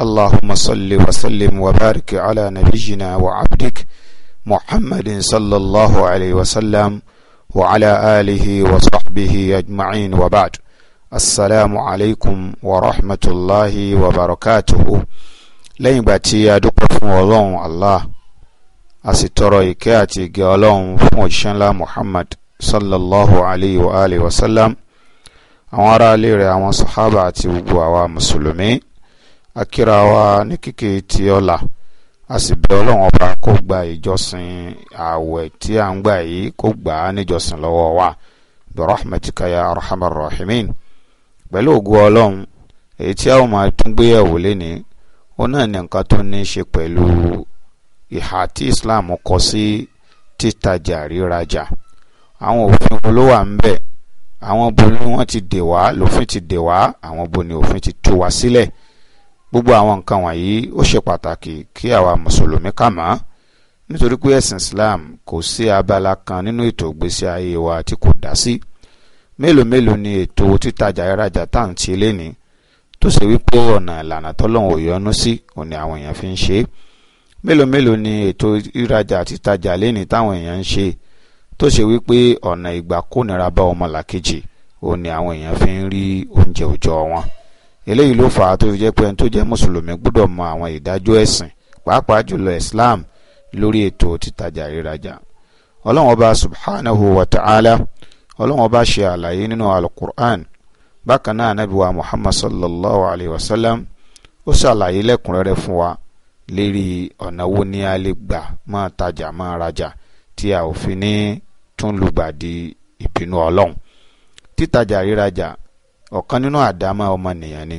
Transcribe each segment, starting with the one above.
اللهم صل وسلم وبارك على نبينا وعبدك محمد صلى الله عليه وسلم وعلى آله وصحبه أجمعين وبعد السلام عليكم ورحمة الله وبركاته لين باتي يا الله أسيطرو إكياتي قالون فموشن لا محمد صلى الله عليه وآله وسلم أمارا ليري أمان صحابة وقوة ومسلمين akíra wa ní kíkè tí ọ̀la a sì bẹ ọlọ́run ọba kó gba ìjọsìn ààwẹ̀ tí à ń gbà yìí kó gbà á níjọsìn lọ́wọ́ wa birahmatika ya arhamar rahimin pẹ̀lú ògùn ọlọ́run èyí tí a ó máa tún gbé yẹ̀wò ó náà ní nǹkan tó ní í ṣe pẹ̀lú ìhà tí Islam kọ sí títajà rírajà àwọn òfin wo ló wà ń bẹ̀ àwọn bo ni wọ́n ti dè wá lófin ti dè wá àwọn bo ni òfin ti tú wa sílẹ̀ si gbogbo àwọn nǹkan wọ̀nyí ó ṣe pàtàkì kí àwa mùsùlùmí kà mọ́ nítorí pé ẹ̀sìn Islam kò sí abala kan nínú ètò ìgbésí ayé wa tí kò dá sí mélòó mélòó ni ètò títajà ìrajà tá à ń ti lé ní tó ṣe wípé ọ̀nà ìlànà tọ́lọ́hún ò yọnu sí òní àwọn èèyàn fi ń ṣe é mélòó mélòó ni ètò ìrajà títajà léni táwọn èèyàn ń ṣe tó ṣe wípé ọ̀nà ìgbà kónira bá ọmọlàkejì òní àwọn èèyàn fi ń rí oúnjẹ òòjọ́ wọn eléyìí ló fà á tó fi jẹ́ pé ẹni tó jẹ́ mùsùlùmí gbọ́dọ̀ mọ àwọn ìdájọ́ ẹ̀sìn pàápàá jùlọ Islam lórí ètò títàjà rírajà ọlọ́run ọba subhanahu wa ta'ala ọlọ́run ọba ṣe àlàyé nínú alukur'an bákan náà ànábì wa muhammad sallallahu alayhi wa sallam ó ṣàlàyé lẹ́kùnrẹ́rẹ́ fún wa lérí ọ̀nà wo ni a lè gbà máa tajà máa rajà tí a ò fi ní tún lùgbàdì ìbínú ọlọ́run títajà rírajà ọ̀kan nínú àdámọ́ ọmọnìyàn ni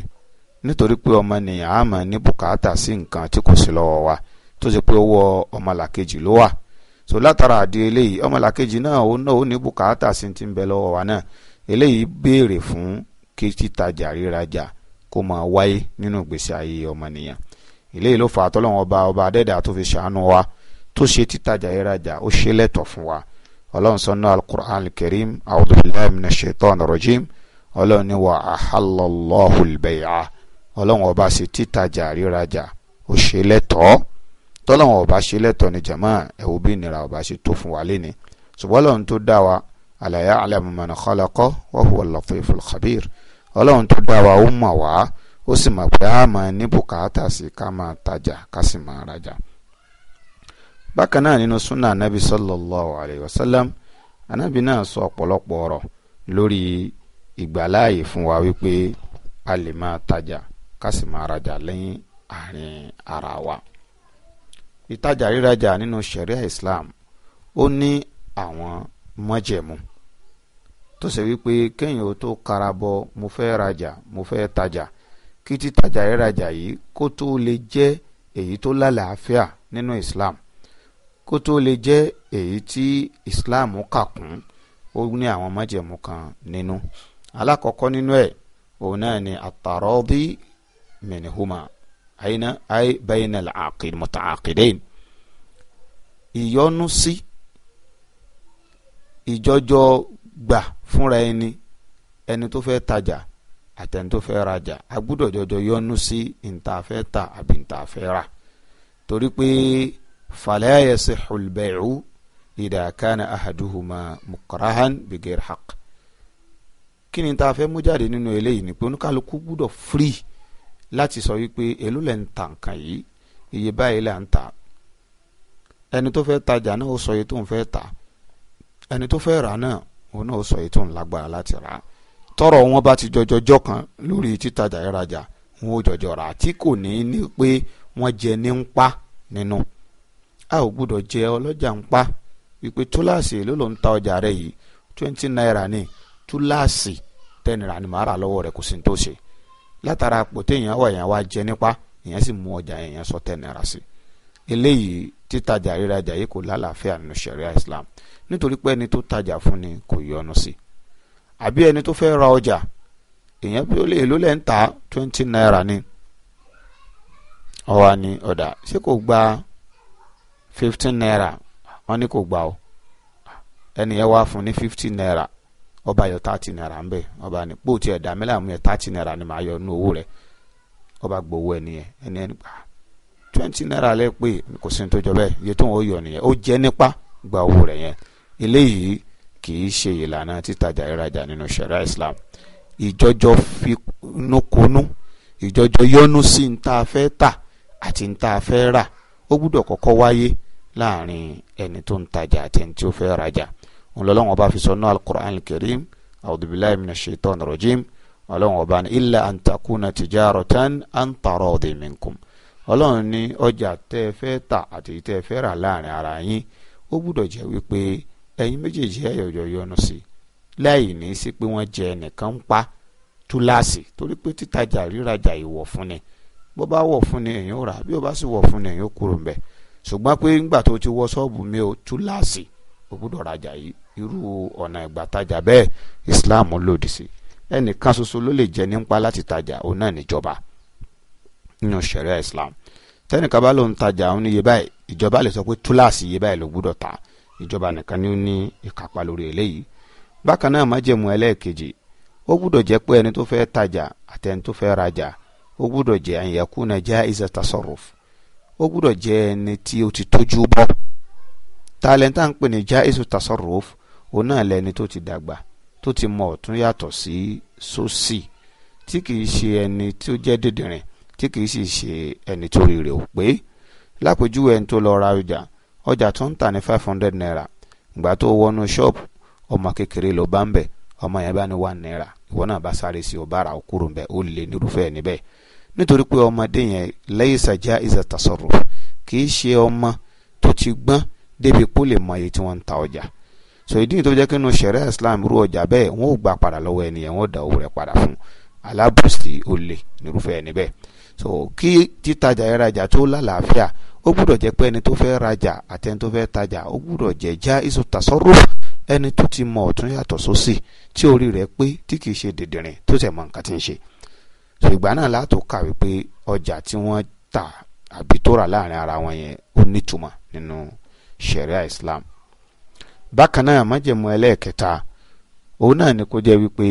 nítorí pé ọmọnìyàn á máa ní bùkátà sí nǹkan tí kò sí lọ́wọ́ wa tó ṣe pé owó ọmọlàkejì ló wà so látara àdé eléyìí ọmọlàkejì náà ó náà ó ní bùkátà sí ti ń bẹ lọ́wọ́ wa náà eléyìí béèrè fún kí títajà rírajà kó máa wáyé nínú ìgbésí ayé ọmọnìyàn eléyìí ló fà á tọ́lọ́wọ́n ọba ọba adẹ́dà tó fi ṣàánú wa tó ṣe títajà rírajà ó ṣe lẹ́tọ̀ fún wa ọlọ́run sọ náà al-Qur'an al-Karim a'udhu billahi minash shaitanir rajim ọlọ́run ní wà áhàlọ́lọ́hù lbẹ̀yà ọlọ́run ọba ṣe títajà rírajà ó ṣe lẹ́tọ̀ọ́ tọ́lọ́run ọba ṣe lẹ́tọ̀ọ́ ni jẹ̀mọ́ ẹ̀wò bí ìnira ọba ṣe tó fún wa léni ṣùgbọ́n ọlọ́run tó dá wa ala ya'lamu man khalaqa wa huwa al-latiful khabir ọlọ́run tó dá wa ó mọ̀ wá ó sì mọ̀ pé a máa ní bùkátà sí ká máa tajà ká sì máa rajà bákan náà nínú súnà anabi sallallahu alayhi wa sallam anabi náà sọ ọ̀pọ̀lọpọ̀ ọ̀rọ̀ lórí ìgbàláàyè fún wa wípé a lè máa tajà ká sì máa rajà lẹ́yìn àárín ara wa ìtajà rírajà nínú sharia Islam ó ní àwọn májẹ̀mú tó ṣe wípé kéèyàn ó tó karabọ mo fẹ́ rajà mo fẹ́ tajà kí títajà rírajà yìí kó tó lè jẹ́ èyí tó lálàáfíà nínú Islam kó tó lè jẹ́ èyí tí Islam kà kún ó ní àwọn májẹ̀mú kan nínú alákọ̀ọ́kọ́ nínú ẹ̀ òun náà ni àtàrọ́dí mìnìhùmá àyínà àyè bẹ́yìnà làákìdì mọ̀tàákìdẹ́yìn ìyọnu sí ìjọjọ gbà fúnra ẹni ẹni tó fẹ́ tajà àtẹni tó fẹ́ rajà a gbúdọ̀ jọjọ yọnu sí ìta fẹ́ ta àbí ìta fẹ́ rà torí pé fala yasihul bay'u ahaduhuma mukrahan bighayri haqq kí ni tá a fẹ́ mú jáde nínú eléyìí ni pé oníkálukú gbúdọ̀ free láti sọ wípé èló lẹ̀ ń ta nǹkan yìí iye báyìí lẹ̀ ń ta ẹni tó fẹ́ tajà náà ó sọ iye tó ń fẹ́ ta ẹni tó fẹ́ rà náà òun náà ó sọ iye tó ń lágbára láti rà tọrọ wọn bá ti jọjọjọ kan lórí títajà ìrajà wọn ò jọjọ rà tí kò ní ní pé wọn jẹ ní ń pa nínú a ò gbúdọ̀ jẹ ọlọ́jà ń pa wípé túláàsì èló ló ń ta ọjà rẹ yìí twenty naira ni túláàsì tẹnira ni màá rà lọ́wọ́ rẹ̀ kò sí ní tó ṣe látara àpò téèyàn wà èèyàn wá jẹ nípa èèyàn sì mú ọjà èèyàn sọ tẹnira sí eléyìí títajà rírajà yìí kò lálàáfíà nínú ṣẹ̀ríà Islam nítorí pé ẹni tó tajà fún ni kò yọnu sí àbí ẹni tó fẹ́ ra ọjà èèyàn bí ó lè èlò lẹ́ ń ta twenty naira ni ọwa ni ọ̀dà ṣé kò gba fifteen naira wọ́n ní kò gbà ó ẹni yẹn wá fún ní fifty naira ọba yọ tààtì náírà ń bẹ ọba ní pò tí ẹ dá mi láàmú yẹ tààtì náírà ni màá yọ nínú owó rẹ ọba gbowó ẹ nìyẹn ẹni ẹni gbà ah, twenty náírà lẹ pé kò sí ní tó jọ bẹ́ẹ̀ iye tó ń yọ nìyẹn ó jẹ nípa gba owó rẹ yẹn eléyìí kì í ṣe ìlànà títajà ìrajà nínú ṣẹ̀ríà Islam ìjọjọ finúkonú ìjọjọ yọnu sí ń tá a fẹ́ tà àti ń tá a fẹ́ rà ó gbúdọ̀ kọ́kọ́ wáyé láàrin ẹni tó ń tajà àti ẹni tí fẹ́ rajà ńlọlọ́wọ́n ọba fi sọ náà alukur'an kẹrim awudubilayi mina shaitan rojim ọlọ́wọ́n ọba ní illa an takuna tijaratan an taradi minkum ọlọ́run ní ọjà tẹ́ ẹ fẹ́ tà àti tẹ́ ẹ fẹ́ rà láàrin ara yín ó gbúdọ̀ jẹ́ wípé ẹ̀yin méjèèjì ẹ̀yọ̀yọ̀ yọnu sí láì ní sí pé wọ́n jẹ ẹnìkan ń pa túláàsì torí pé títajà rírajà ìwọ̀ fún ni bó bá wọ̀ fún ni èyàn ó rà bí ó bá sì wọ̀ fún ni èyàn ó kúrò ń bẹ̀ ṣùgbọ́n pé ńgbà tó ti wọ ṣọ́ọ̀bù mi ò túláàsì o gbúdọ̀ rajà yìí irú ọ̀nà ìgbàtajà bẹ́ẹ̀ Islam lòdì sí ẹnìkan ṣoṣo ló lè jẹ nípa láti tajà òun náà níjọba nínú ṣẹ̀ríà Islam tẹnìkan bá lóun tajà òun ní iye báyìí ìjọba lè sọ pé túláàsì iye báyìí ló gbúdọ̀ ta ìjọba nìkan ni ó ní ìkápá lórí eléyìí bákan náà májèmú ẹlẹ́ẹ̀kejì ó gbúdọ̀ jẹ́ pé ẹni tó fẹ́ tajà àtẹni tó fẹ́ rajà ó gbúdọ̀ jẹ́ àyẹ̀kú nàìjíríà ìzẹ̀tasọ̀rọ̀ ó gbúdọ̀ jẹ́ ẹni tí ó ti tójú bọ́ talenta ń pè ní jaisu tasarruf òun náà lẹni tó ti dàgbà tó ti mọ ọ̀tún yàtọ̀ sí sósì tí kìí ṣe ẹni tó jẹ́ dídìrín tí kìí sì ṣe ẹni tó rí ò pé lápèjúwe ẹni tó lọ ra ọjà ọjà tó ń tà ní five hundred naira ìgbà tó wọnú ṣọ́ọ̀bù ọmọ kékeré ló bá ń bẹ̀ ọmọ yẹn bá ní one naira ìwọ náà bá sáré sí ọba ara òkúrò ń bẹ̀ ó lè nírúfẹ́ níbẹ̀ nítorí pé ọmọdé yẹn laysa jaiza tasarruf kìí ṣe ọmọ tó ti gbọ́n débi kó lè mọ iye tí wọ́n ń ta ọjà so ìdí tó jẹ́ kí inú sẹ̀rẹ́ Islam rú ọjà bẹ́ẹ̀ wọ́n ò gbà padà lọ́wọ́ ẹnìyẹn wọ́n da owó rẹ̀ padà fún alábùsí olè nírúfẹ́ ẹni bẹ́ẹ̀ so kí títajà ìrajà tó lálàáfíà ó gbúdọ̀ jẹ́ pé ẹni tó fẹ́ rajà àti ẹni tó fẹ́ tajà ó gbúdọ̀ jẹ́ já iṣu tàṣọ́rò ẹni tó ti mọ ọ̀tún yàtọ̀ sósì tí orí rẹ̀ pé tí kìí ṣe dìndìnrín tó tẹ̀ mọ nǹkan tí ń ṣe so ìgbà náà látò kàwé pé ọjà tí wọ́n tà àbí tó rà láàrin ara wọn yẹn ó nítumọ̀ nínú sharia islam bákan náà májẹ̀mú ẹlẹ́ẹ̀kẹta òun náà ni kó jẹ́ wípé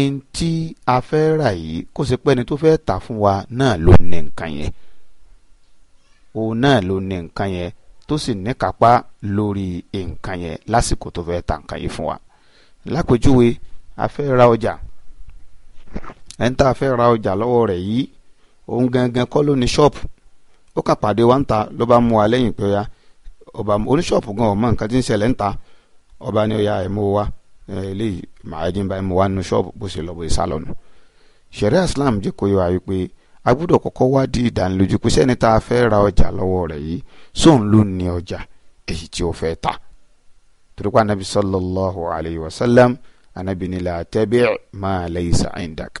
ẹni tí a fẹ́ rà yìí kó ṣe pé ẹni tó fẹ́ tà fún wa náà ló ní nǹkan yẹn òun náà ló ní nǹkan yẹn tó sì níkápá lórí nǹkan yẹn lásìkò tó fẹ́ ta nǹkan yìí fún wa lápèjúwe a fẹ́ ra ọjà ẹni tá a fẹ́ ra ọjà lọ́wọ́ rẹ̀ yìí òun gangan kọ́ ló ní ṣọ́ọ̀pù ó kà pàdé wa ń ta ló bá mú wa lẹ́yìn pé ó yá ọba oníṣọ́ọ̀pù gan ọmọ nǹkan tí ń ṣẹlẹ̀ ń ọba ni ó ya ẹ̀mú wa eléyìí màájín bá ẹ̀mú wa nínú ṣọ́ọ̀pù bó ṣe lọ bó ṣe sá lọ́nu. ṣẹ̀ríà Islam jẹ́ kó yọ àyè pé a gbọ́dọ̀ kọ́kọ́ wá di ìdánilójú pé sẹ́ni tá a fẹ́ ra ọjà lọ́wọ́ rẹ̀ yìí sóun ló ní ọjà èyí tí ó fẹ́ ta. torípa anabi sallallahu alayhi wa sallam anabi ni la tabi' ma laysa indak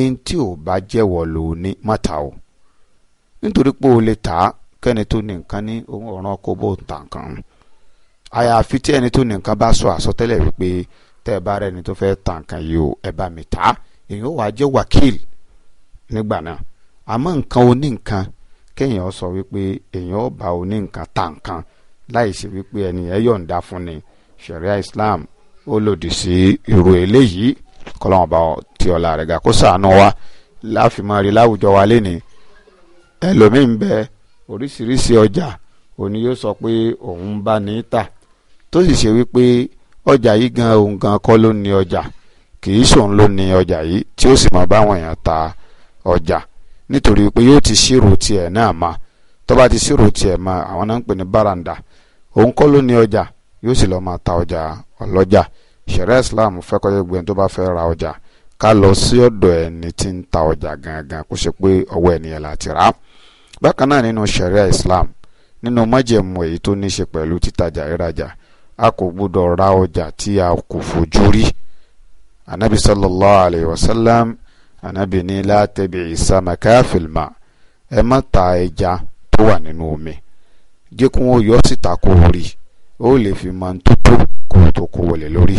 ẹni tí ò bá jẹ́wọ́ lóní má ta kẹ́ni tó ní nǹkan ní ohun ọ̀ràn kó bó ta nǹkan àyàfi tí ẹni tó ní nǹkan bá sọ àsọtẹ́lẹ̀ wípé tẹ́ ẹ bá rẹ ẹni tó fẹ́ ta nǹkan yìí o ẹ bá mi ta èyàn wàá jẹ́ wákìlì nígbà náà àmọ́ nǹkan oní nǹkan kéèyàn sọ wípé èyàn ọba oní nǹkan ta nǹkan láì sí wípé ẹni ẹ yọ̀ǹda fún ni ṣẹ̀ríà Islam ó lòdì sí irú eléyìí kọ́lọ́wọ́n bá ti ọ̀la rẹ̀ ga kó ṣàánú wa láfi máa rí láwùjọ wa lénìí ẹlòmíín bẹ́ẹ̀ oríṣiríṣi ọjà òní yóò sọ pé òun bá ní tà tó sì ṣe wípé ọjà yìí gan òun gan kọ́ ló ní ọjà kì í ṣòun ló ní ọjà yìí tí ó sì máa báwọn èèyàn ta ọjà nítorí pé yóò ti ṣírò tiẹ̀ náà ma tó bá ti ṣírò tiẹ̀ ma àwọn náà ń pè ní báràndà òun kọ́ ló ní ọjà yóò sì lọ́ọ́ máa ta ọjà ọlọ́jà ṣẹ̀rẹ́ Islam fẹ́ kọjá gbẹ̀yìn tó bá fẹ́ ra ọjà ká lọ sí ọ̀dọ̀ ẹni tí ń ta ọjà gangan kó ṣe pé ọwọ́ ẹnìyẹn láti rà á bákan náà nínú sharia islam nínú májẹ̀mú èyí tó ní ṣe pẹ̀lú títajà ìrajà a kò gbúdọ̀ ra ọjà tí a kò fojú rí anabi sallallahu alayhi wa sallam anabi ní la tabi'i samaka fil ma ẹ má ta ẹja tó wà nínú omi jẹ́ kí wọ́n yọ síta kó rí ó lè fi máa ń tó tó kó tó kó wọlé lórí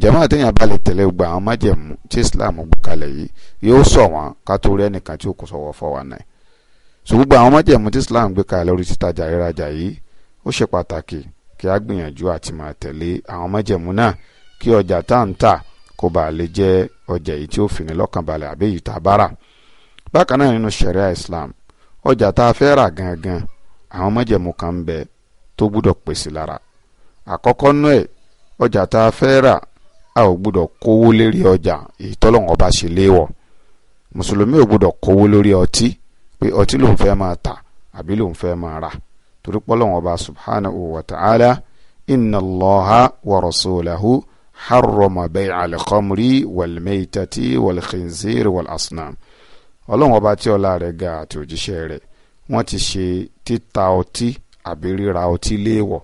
jama àtẹ̀yìn abalẹ̀ tẹ̀lé gba àwọn májẹ̀mú tí islam gbé yìí yóò sọ wọn ká tó rí ẹnìkan tí ó kó sọ̀wọ́ fọ́ wa náà so gbogbo àwọn májẹ̀mú tí Islam gbé kalẹ̀ lórí títajà rírajà yìí ó ṣe pàtàkì kí a gbìyànjú àti máa tẹ̀lé àwọn májẹ̀mú náà kí ọjà tá à ń tà kó bàa lè jẹ́ ọjà èyí tí ó fini lọ́kànbalẹ̀ àbí èyí tá a bá bákan náà nínú ṣẹ̀ríà Islam ọjà tá a fẹ́ rà gangan àwọn májẹ̀mú kan ń bẹ tó gbúdọ̀ pèsè lára àkọ́kọ́ nú ẹ̀ ọjà tá a fẹ́ rà a ò gbúdọ̀ kówó lérí ọjà èyí pé ọtí lòun fẹ́ máa tà àbí lòun fẹ́ máa rà torí pé Ọlọ́hun ọba subhanahu wa ta'ala inna allaha wa rasulahu harrama bay'a al-khamri wal-maytati wal-khinzir wal-asnam Ọlọ́hun ọba tí ọlá rẹ̀ ga àti òjíṣẹ́ rẹ̀ wọ́n ti ṣe títa ọtí àbí ríra ọtí léèwọ̀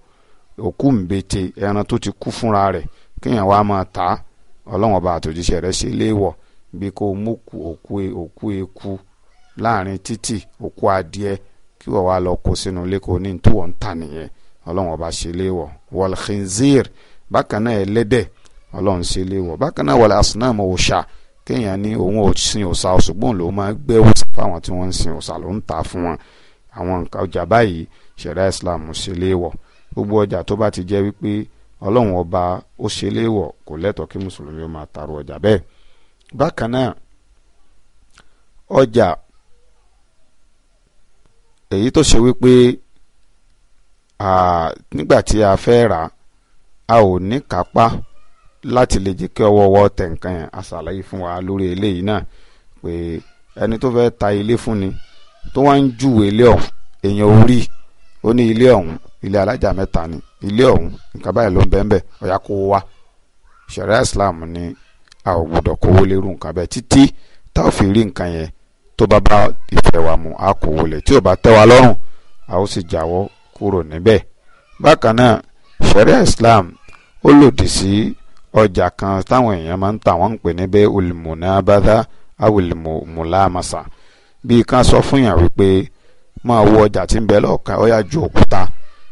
òkú ńbete ẹran tó ti kú fúnra rẹ̀ kéèyàn wá máa tà á Ọlọ́hun àti òjíṣẹ́ rẹ̀ ṣe léèwọ̀ bí kò mú òkú eku láàrin títì òkú adìẹ kí wọ́n wá lọ kó sínú ilé kó ní tí wọ́n ń tà nìyẹn ọlọ́run ọba ṣe léèwọ̀ wal khinzir bákan náà ẹlẹ́dẹ̀ ọlọ́run ṣe léèwọ̀ bákan náà wal asnam òòṣà kéèyàn ní òun ò sin òòṣà ṣùgbọ́n ló máa gbé òòṣà fáwọn tí wọ́n ń sin òòṣà ló ń ta fún wọn àwọn nǹkan ọjà báyìí ṣẹ̀dá islam ṣe léèwọ̀ gbogbo ọjà tó bá ti jẹ́ wípé ọlọ́run ọba ó ṣe léèwọ̀ kò lẹ́tọ̀ọ́ kí mùsùlùmí máa tàrú ọjà bẹ́ẹ̀ bákan náà ọjà èyí tó ṣe wípé nígbà tí a fẹ́ rà a ò ní kápá láti lè jẹ́ kí ọwọ́ ọwọ́ tẹ̀ nǹkan yẹn aṣàlàyé fún wa lórí eléyìí náà pé ẹni tó fẹ́ ta ilé fún ni tó wá ń júwèé ilé ọ̀hún èèyàn orí ó ní ilé ọ̀hún ilé alájà mẹ́ta ni ilé ọ̀hún nǹkan báyìí ló ń bẹ́ẹ̀ bẹ́ẹ̀ ọ̀yà kó wá ṣẹ̀rẹ́ islam ní a ò gbọ́dọ̀ kówó lérú nǹkan bẹ́ẹ̀ títí tá ò fi rí nǹkan yẹn tó bá bá ìfẹ́ wa mu a kò wọlé tí ò bá tẹ́ wa lọ́rùn a ó sì jáwọ́ kúrò níbẹ̀ bákan náà ṣẹ̀ríà Islam ó lòdì sí ọjà kan táwọn èèyàn máa ń tà wọ́n ń pè ní bẹ́ẹ̀ olùmùnàbádá awolùmùlámàsà bí kan sọ fún yàn wípé máa wo ọjà tí ń bẹ lọ́ọ̀ka ó yá ju òkúta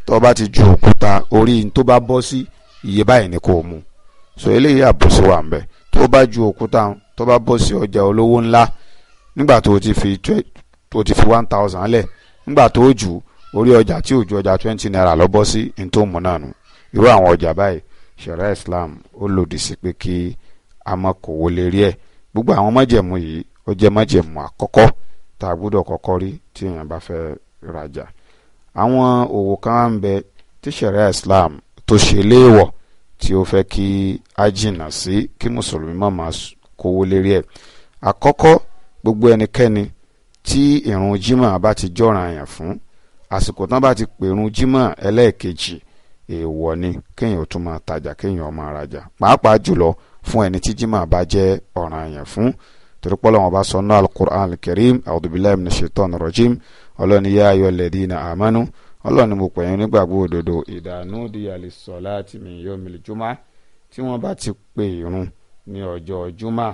tó bá ti ju òkúta orí tó bá bọ́ sí iye báyìí ni kò mú so eléyìí àbòsí wà ń bẹ tó bá ju òkúta tó bá bọ́ sí ọjà olówó ńlá nígbà tó o ti fi tó ti fi one thousand lẹ̀ nígbà tó o jù orí ọjà tí ò ju ọjà twenty naira lọ bọ́ sí ní tó mú náà nù irú àwọn ọjà báyìí ṣẹ̀rẹ́ Islam ó lòdì sí pé kí a má kówó lérí ẹ̀ gbogbo àwọn májẹ̀mú yìí ó jẹ́ májẹ̀mú àkọ́kọ́ tá a gbọ́dọ̀ kọ́kọ́ rí tí èèyàn bá fẹ́ rajà àwọn òwò kan á ń bẹ tí ṣẹ̀rẹ́ Islam tó ṣe léèwọ̀ tí ó fẹ́ kí a jìnnà sí kí mùsùlùmí má máa kówó lérí ẹ̀ àkọ́kọ́ gbogbo ẹnikẹ́ni tí ìrun jimá bá ti jọ̀ràn àyàn fún àsìkò tán bá ti pèrun jimá ẹlẹ́ẹ̀kejì èèwọ̀ ni kéèyàn ó tún máa tajà kéèyàn ó máa rajà pàápàá jùlọ fún ẹni tí jimá bá jẹ́ ọ̀ràn àyàn fún torípọ́lọ́ wọn bá sọ náà alukur'an alkarim audubilayi mina shaitan rajim ọlọ́ni yá ayọ̀ lẹ́dínà àmánú ọlọ́ni mo pè nígbàgbọ́ òdodo ìdààmú di àlìsọ̀ láti mi tí wọ́n bá ti pè irun ní ọjọ́ jumá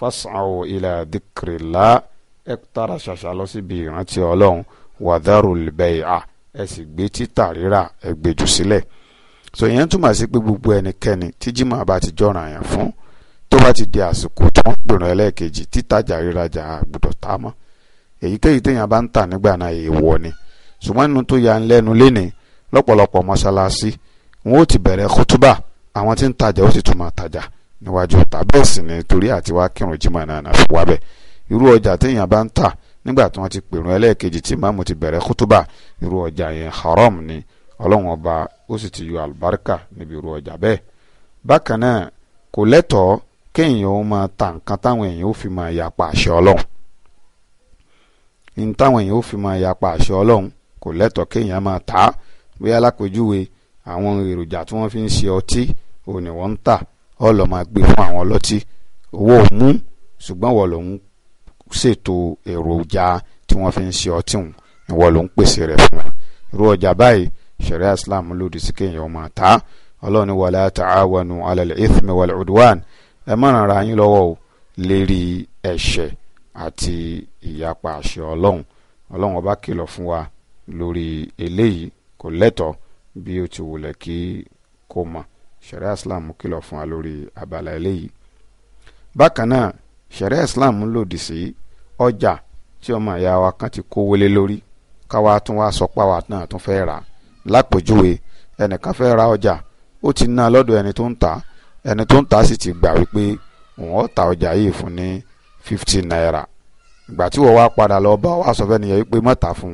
fas'aw ila dhikrillah ẹ tara ṣàṣà lọ síbi ìrántí ọlọ́run wadharul bay'a ẹ sì gbé títà rírà ẹ gbèjù sílẹ̀ so ìyẹn túmọ̀ sí pé gbogbo ẹnikẹ́ni tí jimá bá ti jọ̀ràn yẹn fún tó bá ti di àsìkò tí wọ́n pèrò ẹlẹ́ẹ̀kejì títajà rírajà àgbùdọ̀ tá a mọ́ èyíkéyìí téèyàn bá ń tà nígbà náà èèwọ̀ ni ṣùgbọ́n nínú tó ya ń lẹ́nu léni lọ́pọ̀lọpọ̀ mọ́ṣáláṣí wọn ó ti bẹ̀rẹ̀ kútúbà àwọn tí ń tajà ó sì tún máa tajà níwájú ọ̀tá ni torí àti wá kírun jimá náà náà fi wá bẹ̀ irú ọjà téèyàn bá ń tà nígbà tí wọ́n ti pèrún ẹlẹ́ẹ̀kejì tí máàmù ti bẹ̀rẹ̀ kútúbà irú ọjà yẹn haram ni ọlọ́run ọba ó sì ti yọ àlùbáríkà níbi irú ọjà bẹ́ẹ̀ bákan náà kò lẹ́tọ̀ọ́ kéèyàn ó máa ta nǹkan táwọn èèyàn ó fi máa yapa àṣẹ ọlọ́run ní táwọn èèyàn ó fi máa yapa àṣẹ ọlọ́run kò lẹ́tọ̀ọ́ kéèyàn máa tà á bóyá lápèjúwe àwọn èròjà tí wọ́n fi ń ṣe ọtí òní wọ́n ń tà ọ lọ máa gbé fún àwọn ọlọ́tí owó ò mú ṣùgbọ́n wọ́n lòún ṣètò èròjà tí wọ́n fi ń ṣe ọtí hùn ìwọ lòún pèsè rẹ̀ fún wọn irú ọjà báyìí ṣẹ̀ríà Islam lòdì sí kéèyàn máa ta ọlọ́run ní wala ta'awanu ala al-ithmi wal-udwan ẹ má ara yín lọ́wọ́ o lérí ẹ̀ṣẹ̀ àti ìyapa àṣẹ ọlọ́run ọlọ́run ọba kìlọ̀ fún wa lórí eléyìí kò lẹ́tọ̀ọ́ bí ó ti wulẹ̀ kí kó mọ̀ sharia islam kìlọ̀ fún wa lórí abala eléyìí bákan náà sharia islam lòdì sí ọjà tí ọmọ ìyá wa kan ti kó wọlé lórí káwa tún wá sọ pàwà náà tún fẹ́ rà lápèjúwe ẹnìkan fẹ́ ra ọjà ó ti ná lọ́dọ̀ ẹni tó ń ta ẹni tó ń ta sì ti gbà wípé òun ó ta ọjà yìí fún ní fifty naira ìgbà tí wọ́n wá padà lọ bá wa sọ fẹ́ni yẹn wípé má fún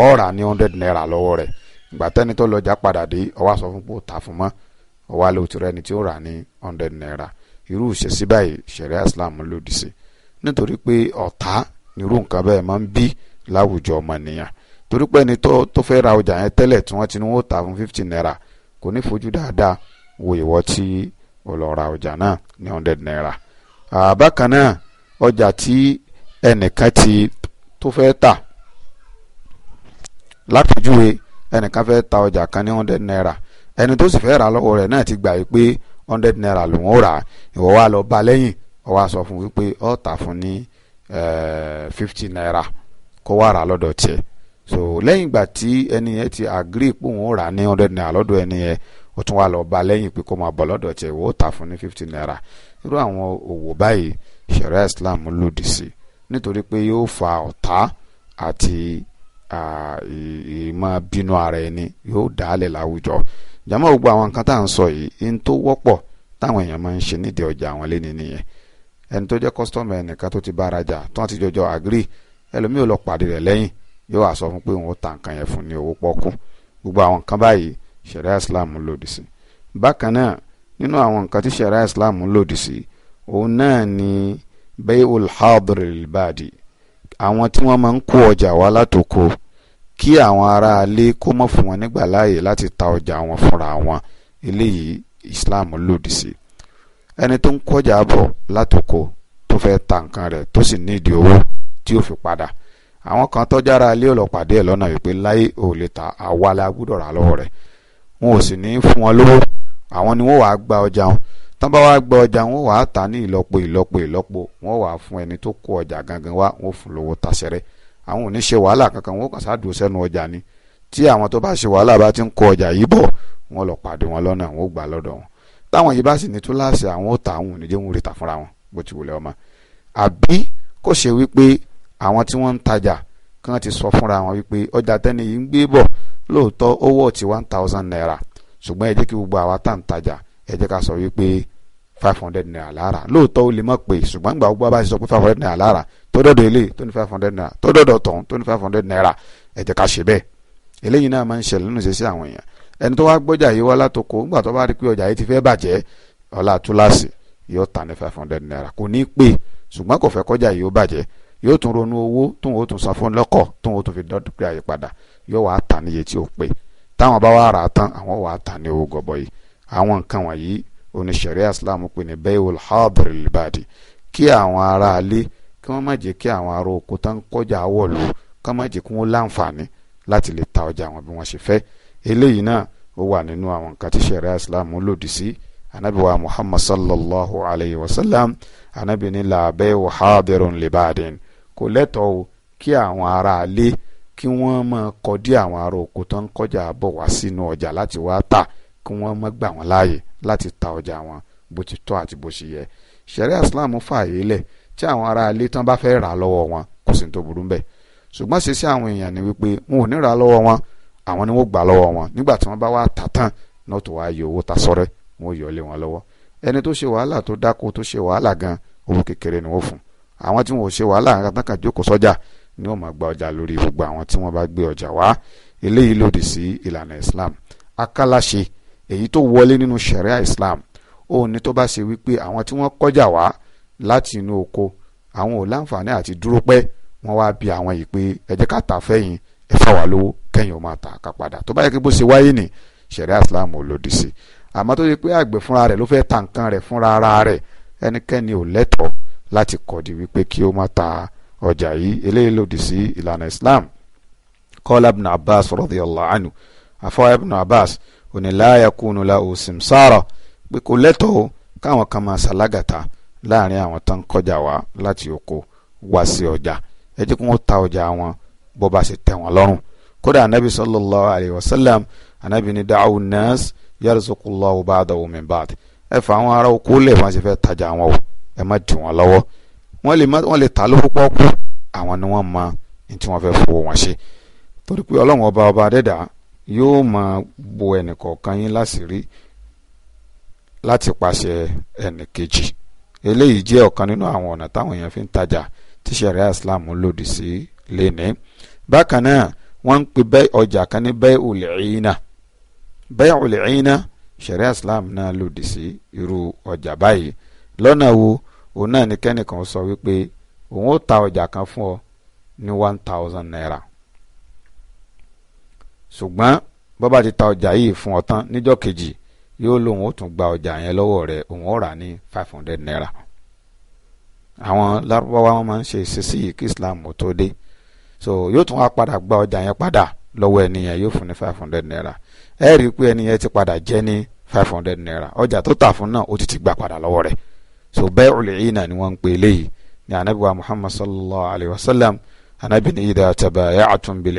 ọ̀ọ́rà ní hundred naira lọ́wọ́ rẹ̀ ìgbà tẹ́ni tó lọ́jà padà dé ó wá sọ fún pé ó ta fún mọ́ ọwọ́ alẹ́ òtún rẹ ni tí ó rà ní hundred naira irú ìṣesí báyìí ṣẹ̀ríà islam lòdì sí nítorí pé ọ̀tá nírú nǹkan bẹ́ẹ̀ máa ń bí láwùjọ ọmọnìyàn torí pé ẹni tó fẹ́ ra ọjà yẹn tẹ́lẹ̀ tí wọ́n ti ní wọ́n tà fún fifty naira kò ní fojú dáadáa wo ìwọ tí o lọ ra ọjà náà ní hundred naira bákan náà ọjà tí ẹnìkan ti tó fẹ́ tà lápèjúwe ẹnìkan fẹ́ ta ọjà kan ní hundred naira ẹni tó sì fẹ́ ra lọ́wọ́ rẹ̀ náà ti gbà wípé hundred naira lòun ó rà ìwọ wa lọ bá lẹ́yìn ó wá sọ fún wípé ó tà fún ní eh, fifty naira kó wá rà lọ́dọ̀ tiẹ̀ so lẹ́yìn ìgbà tí ẹni yẹn ti agree pé òun ó rà ní hundred naira lọ́dọ̀ ẹni yẹn ó tún wá lọ bá lẹ́yìn pé kó máa bọ̀ lọ́dọ̀ tiẹ̀ ìwọ ó tà fún ní fifty naira irú àwọn òwò báyìí ṣẹ̀rẹ́ Islam lòdì sí nítorí pé yóò fa ọ̀tá àti ìmọ̀ bínú ara ẹni yóò dálẹ̀ jàmọ́ gbogbo àwọn nǹkan tá à ń sọ yìí n tó wọ́pọ̀ táwọn èèyàn máa ń ṣe nídìí ọjà àwọn lé ní nìyẹn ẹni tó jẹ́ kọ́sítọ́mù ẹnìkan tó ti bá ara jà tó wọ́n ti jọjọ àgírí ẹlòmíì ò lọ pàdé rẹ̀ lẹ́yìn yóò wá sọ fún pé òun ó ta nǹkan yẹn fún ní owó pọ́kú gbogbo àwọn nǹkan báyìí ṣẹ̀ríà Islam lòdì sí bákan náà nínú àwọn nǹkan tí ṣẹ̀ríà Islam lòdì sí òun náà ni bay'ul hadir al àwọn tí wọ́n máa ń kó ọjà wá látòkò kí àwọn aráalé kó mọ̀ fún wọn nígbà láàyè láti ta ọjà wọn fúnra wọn eléyìí Islam lòdì sí ẹni tó ń kọjá bọ̀ látòkò tó fẹ́ ta nǹkan rẹ̀ tó sì nídìí owó tí ó fi padà àwọn kan tọ́jú aráalé ọlọ́pàdé ẹ̀ lọ́nà wípé láyé ò lè ta àwa la rà lọ́wọ́ rẹ̀ wọn ò sì ní fún wọn lówó àwọn ni wọn wàá gba ọjà wọn tán bá wàá gba ọjà wọn wàá tà ní ìlọ́po ìlọ́po ìlọ́po wọn wàá fún ẹni tó kó ọjà gangan wá wọn fún lówó tasẹrẹ àwọn ò ní ṣe wàhálà kankan wọn kàn sáà dùn sẹ́nu ọjà ni tí àwọn tó bá ṣe wàhálà bá ti ń kó ọjà yìí bọ̀ wọn lọ pàdé wọn lọ́nà àwọn ò gbà lọ́dọ̀ wọn táwọn yìí bá sì ní túláàsì àwọn ò ta àwọn ò ní jẹ́ wọn rí ta fúnra wọn bó ti wùlẹ̀ ọmọ àbí kò ṣe wípé àwọn tí wọ́n ń tajà kí wọ́n ti sọ fúnra wọn wípé ọjà tẹ́ni yìí ń gbé bọ̀ lóòótọ́ owó ti one thousand naira ṣùgbọ́n ẹ jẹ́ kí gbogbo àwa tá five hundred naira lára lóòótọ́ o lè má pè ṣùgbọ́n gbà gbọ́ bá ṣe sọ pé five hundred naira lára tó dọ̀dọ̀ eléyìí tó ní five hundred naira tó dọ̀dọ̀ tọ̀hún tó ní five hundred naira ẹ jẹ́ ká ṣe bẹ́ẹ̀ eléyìí náà máa ń ṣẹlẹ̀ nínú ìṣesí àwọn èèyàn ẹni tó wá gbọ́jà yìí wá látoko ńgbà tó bá rí pé ọjà yìí ti fẹ́ bàjẹ́ ọlá túláàsì yóò tà ní five hundred naira kò ní pè ṣùgbọ́n kò fẹ́ kọjá yìí ó bàjẹ́ yóò tún ronú owó tóun ó tún san fún lọ́kọ̀ tóun ó tún fi dọ́dún pé àyè padà òní sẹ̀ríà islam pè ní bay'ul hadir libadi kí àwọn ará alé kí wọ́n má jẹ́ kí àwọn ará oko tán kọjá wọ̀lú kí wọ́n má jẹ́ kí wọ́n láǹfààní láti lè ta ọjà wọn bí wọ́n ṣe fẹ́ eléyìí náà ó wà nínú àwọn nǹkan tí sẹ̀ríà islam lòdì sí anabi muhammad sallallahu alayhi wa sallam anabi ní la bay'u hadirun libadin kò lẹ́tọ̀ọ́ o kí àwọn ará alé kí wọ́n máa kọdí àwọn ará oko tán kọjá bọ̀ wá sínú ọjà láti wá tà kí wọ́n má gbà wọ́n láàyè láti ta ọjà wọn bó ti tọ́ àti bó ṣe yẹ ṣẹ̀ríà Islam fààyè lẹ̀ tí àwọn ará ilé tán bá fẹ́ rà lọ́wọ́ wọn kò sí tó burú bẹ́ẹ̀ ṣùgbọ́n ṣe sí àwọn èèyàn ni wípé wọn ò ní rà lọ́wọ́ wọn àwọn ni wọ́n gbà lọ́wọ́ wọn nígbà tí wọ́n bá wá tà tán náà tó wáá yọ owó ta sọ́rẹ́ wọn ò yọ lé wọn lọ́wọ́ ẹni tó ṣe wàhálà tó dáko tó ṣe wàhálà gan owó kékeré ni wọ́n fún àwọn tí wọn ò ṣe wàhálà kankan jókòó sọ́jà ni wọ́n máa gba ọjà lórí gbogbo àwọn tí wọ́n bá gbé ọjà wá eléyìí lòdì sí ìlànà Islam akálàṣe èyí tó wọlé nínú sharia islam òun ni tó bá ṣe wípé àwọn tí wọ́n kọjá wá láti inú oko àwọn ò láǹfààní àti dúró pẹ́ wọ́n wá bi àwọn yìí pé ẹ jẹ́ ká tà fẹ́yìn ẹ fà wá lówó kẹ́yìn ó máa tà ká padà tó bá yẹ kí bó ṣe wáyé ni sharia islam ò lòdì sí àmọ́ tó ṣe pé àgbẹ̀ fúnra rẹ̀ ló fẹ́ ta nǹkan rẹ̀ fúnra ara rẹ̀ ẹnikẹ́ni ò lẹ́tọ̀ọ́ láti kọ̀dí wípé kí ó má ta ọjà yìí eléyìí lòdì sí ìlànà islam kọ́lá ibn abbas radiyallahu anhu afọ́ ibn abbas òní láàyà kúnnù la ò sì ń sáárọ̀ pé kò lẹ́tọ̀ọ́ káwọn kan máa ṣàlágàtà láàrin àwọn tó ń kọjá wá láti oko wá sí ọjà ẹ jẹ́ kí wọ́n ta ọjà wọn bó bá ṣe tẹ̀ wọ́n lọ́rùn kódà anabi sallallahu alayhi wa sallam anabi ni da'u nas yarzuqullahu ba'dahu min ba'd ẹ fà àwọn ará oko lè wọ́n ṣe fẹ́ tajà wọn o ẹ má dì wọ́n lọ́wọ́ wọ́n lè ta lówó pọ́ọ́kú àwọn ni wọ́n mọ ní tí wọ́n fẹ́ fowó wọn ṣe torí pé ọlọ́run ọba ọba adẹ́dàá yóò máa bo ẹnìkọ̀ọ̀kan yín láṣìírí láti pàṣẹ ẹnìkejì eléyìí jẹ́ ọ̀kan nínú àwọn ọ̀nà táwọn èèyàn fi ń tajà tí ṣẹ̀ríà Islam lòdì sí lénìí bákan náà wọ́n ń pe bẹ́ẹ̀ ọjà kan ní bẹ́ẹ̀ òlẹ̀ ẹ̀yìnà bẹ́ẹ̀ òlẹ̀ ẹ̀yìnà ṣẹ̀ríà Islam náà lòdì sí irú ọjà báyìí lọ́nà wo òun náà ni kẹ́nìkan sọ wípé òun ó ta ọjà kan fún ọ ní one thousand naira ṣùgbọ́n bó bá ti ta ọjà yìí fún ọ tán níjọ́ kejì yóò lóun ó tún gba ọjà yẹn lọ́wọ́ rẹ̀ òun ó rà ní five hundred naira. àwọn lárúbáwá wọn máa ń ṣe ìṣesí yìí kí islam ò tó dé so yóò tún wá padà gba ọjà yẹn padà lọ́wọ́ ẹni yẹn yóò fún ní five hundred naira ẹ rí i pé ẹni yẹn ti padà jẹ́ ní five hundred naira ọjà tó tà fún náà ó ti ti gbà padà lọ́wọ́ rẹ̀ so bai'ul ina ni wọ́n ń pè eléyìí ní anabiwa muhammad sallallahu alayhi wa sallam anabi ni idha tabaya'tum bil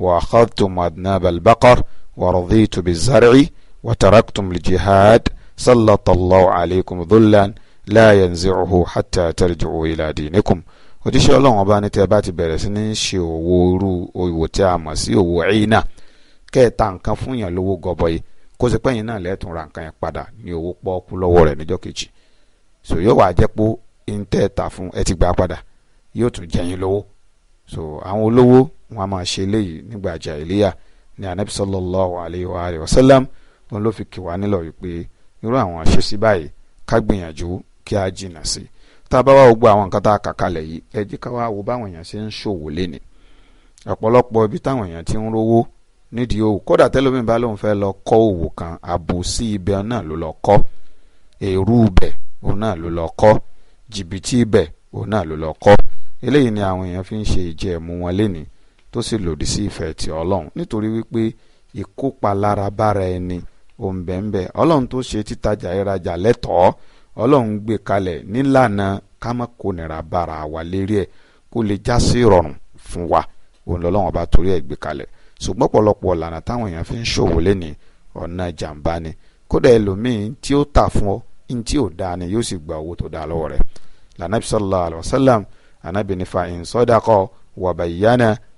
وأخذتم أذناب البقر ورضيت بالزرع وتركتم الجهاد سلط الله عليكم ذلا لا ينزعه حتى ترجعوا إلى دينكم òjíṣẹ́ ọlọ́run ọba ní tẹ́ ẹ bá ti bẹ̀rẹ̀ sí ní ṣe òwò orú òwò tí a mọ̀ sí òwò ẹ̀yìn náà kẹ́ẹ̀ta nǹkan fún yàn lówó gọbọi kó ṣe pẹ́yìn náà lẹ́ẹ̀tún ra nǹkan yẹn padà ní owó pọ́ọ́kú lọ́wọ́ rẹ̀ níjọ́ kejì so yóò wá jẹ́ pé ń tẹ́ ta fún ẹ ti gbà padà yóò tún jẹ́ lówó so àwọn olówó wọn a máa ṣe eléyìí nígbà jàhílíyà ní anabi sallallahu alayhi wa alayhi wa sallam wọn ló fi kì wá nílọ wípé irú àwọn àṣeṣí báyìí ká gbìyànjú kí a jìnnà sí tá a bá wá gbogbo àwọn nǹkan tá a kà kalẹ̀ yìí ẹ jẹ́ ká wá wo báwọn èèyàn ṣe ń ṣòwò léni ọ̀pọ̀lọpọ̀ ibi táwọn èèyàn ti ń rówó nídìí òwò kódà tẹ́lómi bá lóun fẹ́ lọ kọ́ òwò kan àbòsí ibẹ̀ náà ló lọ kọ́ èrú ibẹ̀ òun náà ló lọ kọ́ jìbìtì ibẹ̀ òun náà ló lọ kọ́ eléyìí ni àwọn èèyàn fi ń ṣe ìjẹ̀mú wọn lénìí tó sì lòdì sí ìfẹ́ ti ọlọ́run nítorí wípé ìkópa lára bára ẹni òǹbẹ̀ǹbẹ̀ ọlọ́run tó ṣe títajà ìrajà lẹ́tọ̀ọ́ ọlọ́run gbé kalẹ̀ nílànà kámọ́kónira bára wa lérí ẹ̀ kó lè já sí ìrọ̀rùn fún wa òun lọ́lọ́run ọba torí ẹ̀ gbé kalẹ̀ ṣùgbọ́n pọ̀lọpọ̀ ọ̀lànà táwọn èèyàn fi ń ṣòwò lẹ́ni ọ̀nà jàǹbá ni kódà ẹlòmíín tí ó tà fún ọ ní tí ò dáa ni yóò sì gba owó tó dáa lọ́wọ́ rẹ̀ lànàbí sallallahu alayhi wa sallam anabi nífa in sadaqa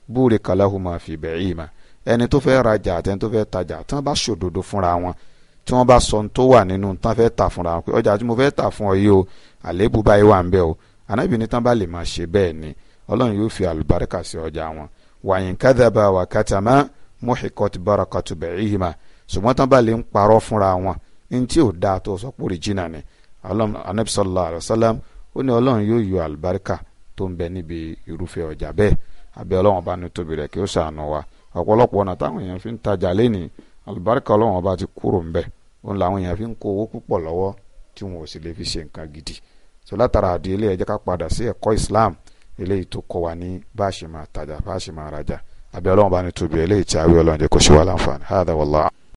búre kàláhùmá fi bẹ̀ẹ́yìmá ẹni tó fẹ́ rajà àtẹni tó fẹ́ tajà tí wọ́n bá ṣòdodo fúnra wọn tí wọ́n bá sọ ohun tó wà nínú tí wọ́n fẹ́ tà fúnra wọn pé ọjà tí mo fẹ́ tà fún ọ yìí o àléébù báyìí wà ń bẹ o ànábì ní tán bá lè máa ṣe bẹ́ẹ̀ ni ọlọ́run yóò fi àlùbáríkà sí ọjà wọn wàyìn kádàbà wà kàtàmá mọ́hìkọ́tì bárakàtù bẹ̀ẹ́yìmá ṣùgbọ́n tán bá lè ń parọ́ fúnra wọn àbí ọlọ́run ọba ní tóbi rẹ̀ kí ó ṣàánú wa ọ̀pọ̀lọpọ̀ ọ̀nà táwọn èèyàn fi ń tajà lénìí àlùbáríkà ọlọ́run ọba ti kúrò ńbẹ̀ òun làwọn èèyàn fi ń kó owó púpọ̀ lọ́wọ́ tí wọn ò sì lè fi ṣe nǹkan gidi so látara àdé ilé ẹ ká Islam eléyìí tó kọ́ wa ní bá a ṣe máa tajà bá a ṣe